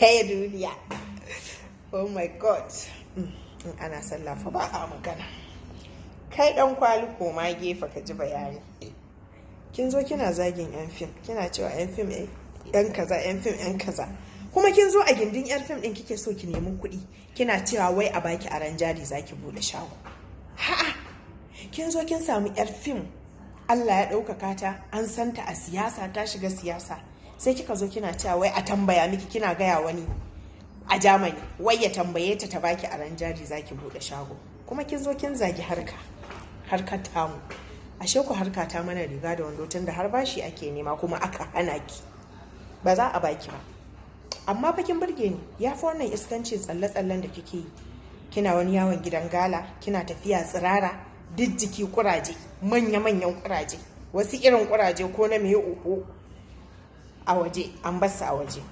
taya duniya oh my god mm, in ana sallah ba a magana kai dan kwali koma gefe ka ji bayani kin zo kina zagin yan fim kina cewa yan fim eh, yan kaza yan fim yan kaza kuma kin zo a gindin yan fim din kike so ki nemi kuɗi kina cewa wai a baki aron jari zaki bude shago ha'a kin zo kin samu yar fim Allah ya ɗaukaka ta an santa a siyasa ta shiga siyasa sai kika zo kina cewa wai a tambaya miki kina gaya wani a jamani wai ya tambaye ta ta baki a ranjaji zaki buɗe shago kuma kin zo kin zagi harka harkar tamu ashe ku harka ta mana riga da wando tunda har bashi ake nema kuma aka hana ki ba za a baki ba amma bakin burge ni ya fi wannan iskancin tsalle-tsallen da kike yi kina wani yawon gidan gala kina tafiya tsirara duk jiki kuraje manya-manyan kuraje wasu irin kuraje ko na mai uku a waje an basu a waje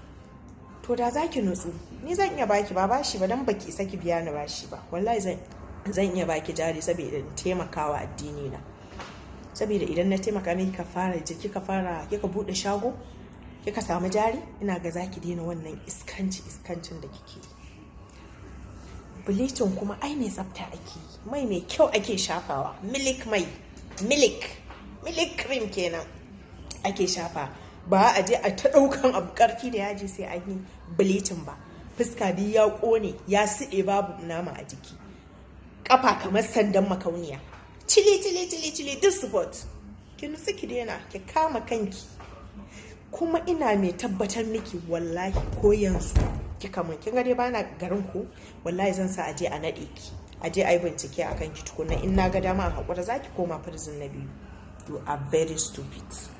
to da za ki nutsu ni zan iya baki ba bashi ba dan baki isa ki biya ni bashi ba wallahi zan iya baki jari saboda taimakawa addini na saboda idan na taimaka miki ka fara je kika fara kika bude shago kika samu jari ina ga zaki daina wannan iskanci iskancin da kike bleaching kuma ai mai tsafta ake mai mai kyau ake shafawa milik mai milik milik cream kenan ake shafa ba a je a ta daukan abu ƙarfi da yaji sai an yi bleaching ba fuska duk ya kone ya siɗe babu nama a jiki kafa kamar sandan makauniya cili cili cili cili duk spot ki nutsu ki daina ki kama kanki kuma ina mai tabbatar miki wallahi ko yanzu kika mun kin ga bana garin ku wallahi zan sa aje a nade ki aje a bincike akan ki tukunna in na ga dama a hakura zaki koma prison na biyu you are very stupid